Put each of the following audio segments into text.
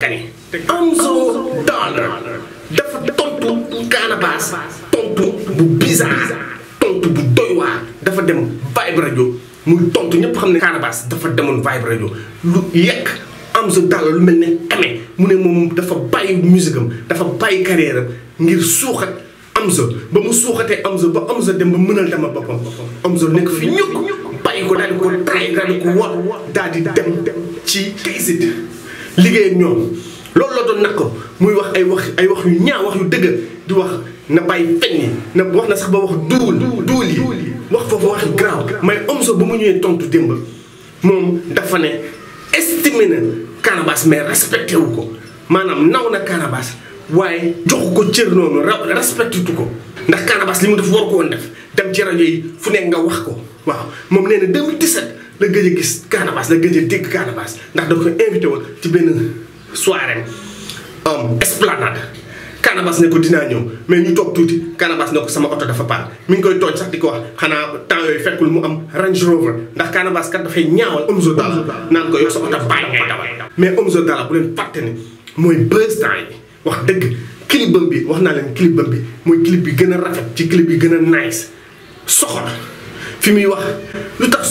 Kani Omzo Dollar dafa tontu Canabasse tontu bu bizarre tontu bu doy waar dafa dem Vibe Radio mu tontu ñëpp xam ne Canabasse dafa demoon Vibe Radio lu yekk Omzo Dollar lu mel ne amee mu ne moom dafa bàyyi musique am dafa bàyyi carrière am ngir suuxat Omzo ba mu suuxatee Omzo ba Omzo dem ba mënal dama boppam Omzo nekk fi ñëpp bàyyi ko daal fi ko traité daal di ko war daal di dem ci Kayz liggéey ak ñoom loolu la doon nag ko muy wax ay wax ay wax yu ñaaw wax yu dëgg di wax na bàyyi feñ na wax na sax ba wax duul duul yi wax foofu wax grand mais Omzo ba mu ñëwee tontu démb moom dafa ne estimé na Canabasse mais respecté wu ko maanaam naw na Canabasse waaye joxu ko cër noonu respecté tu ko ndax Canabasse li mu def war ko woon def dem ci rajo fu nekk nga wax ko waaw moom nee na 2017 la gëj gis Casamance la gëj a dégg Casamance ndax da ko invité woon ci benn soirée am esplanade ne ko dinaa ñëw mais ñu toog tuuti Casamance ne ko sama oto dafa paan mi ngi koy tooñ sax di ko wax xanaa temps yooyu fekkul mu am Range Rover ndax Casamance kat dafay ñaawal Omzo Dollar naan ko yow sa oto paan ngay dawal mais Omzo Dollar bu leen fàtte ne mooy buzz temps yi wax dëgg clipam bi wax naa leen clipam bi mooy clip bi gën a rafet ci clip bi gën a nice soxor fi muy wax lu tax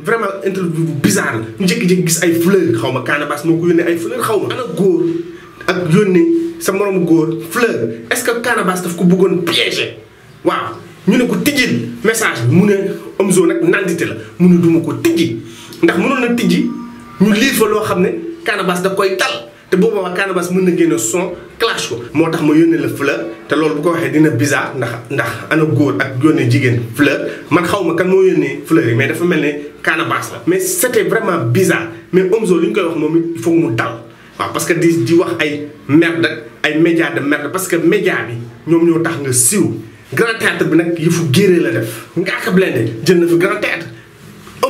vraiment interview bu bizarre la ñu gis ay fleur xaw ma Canabasse ku ko yónnee ay fleur xaw ma ana góor ak yónnee sa moroom góor fleur est-ce que Canabasse daf ko buggoon piéger waaw ñu ne ko tijjil message bi mu ne Omzo nag nandite la mu ne duma ko tijji ndax mënoon na tijji ñu liir fa loo xam ne Canabasse daf koy tal te boobaa Canabasse mën na génne son clash ko moo tax ma yónnee la fleur te loolu bu ko waxee dina bizarre ndax ndax ana góor ak yónnee jigéen fleur man xaw ma kan moo yónnee fleur yi mais dafa mel ne Canabasse la. mais c'était vraiment bizarre mais Omzo li ñu koy wax moom il faut mu dal waaw parce que di di wax ay merde ay média de merde parce que média bi ñoom ñoo tax nga siiw grand théâtre bi nag yëfu géeree la def Ngaaka Blindé jël na fi grand théâtre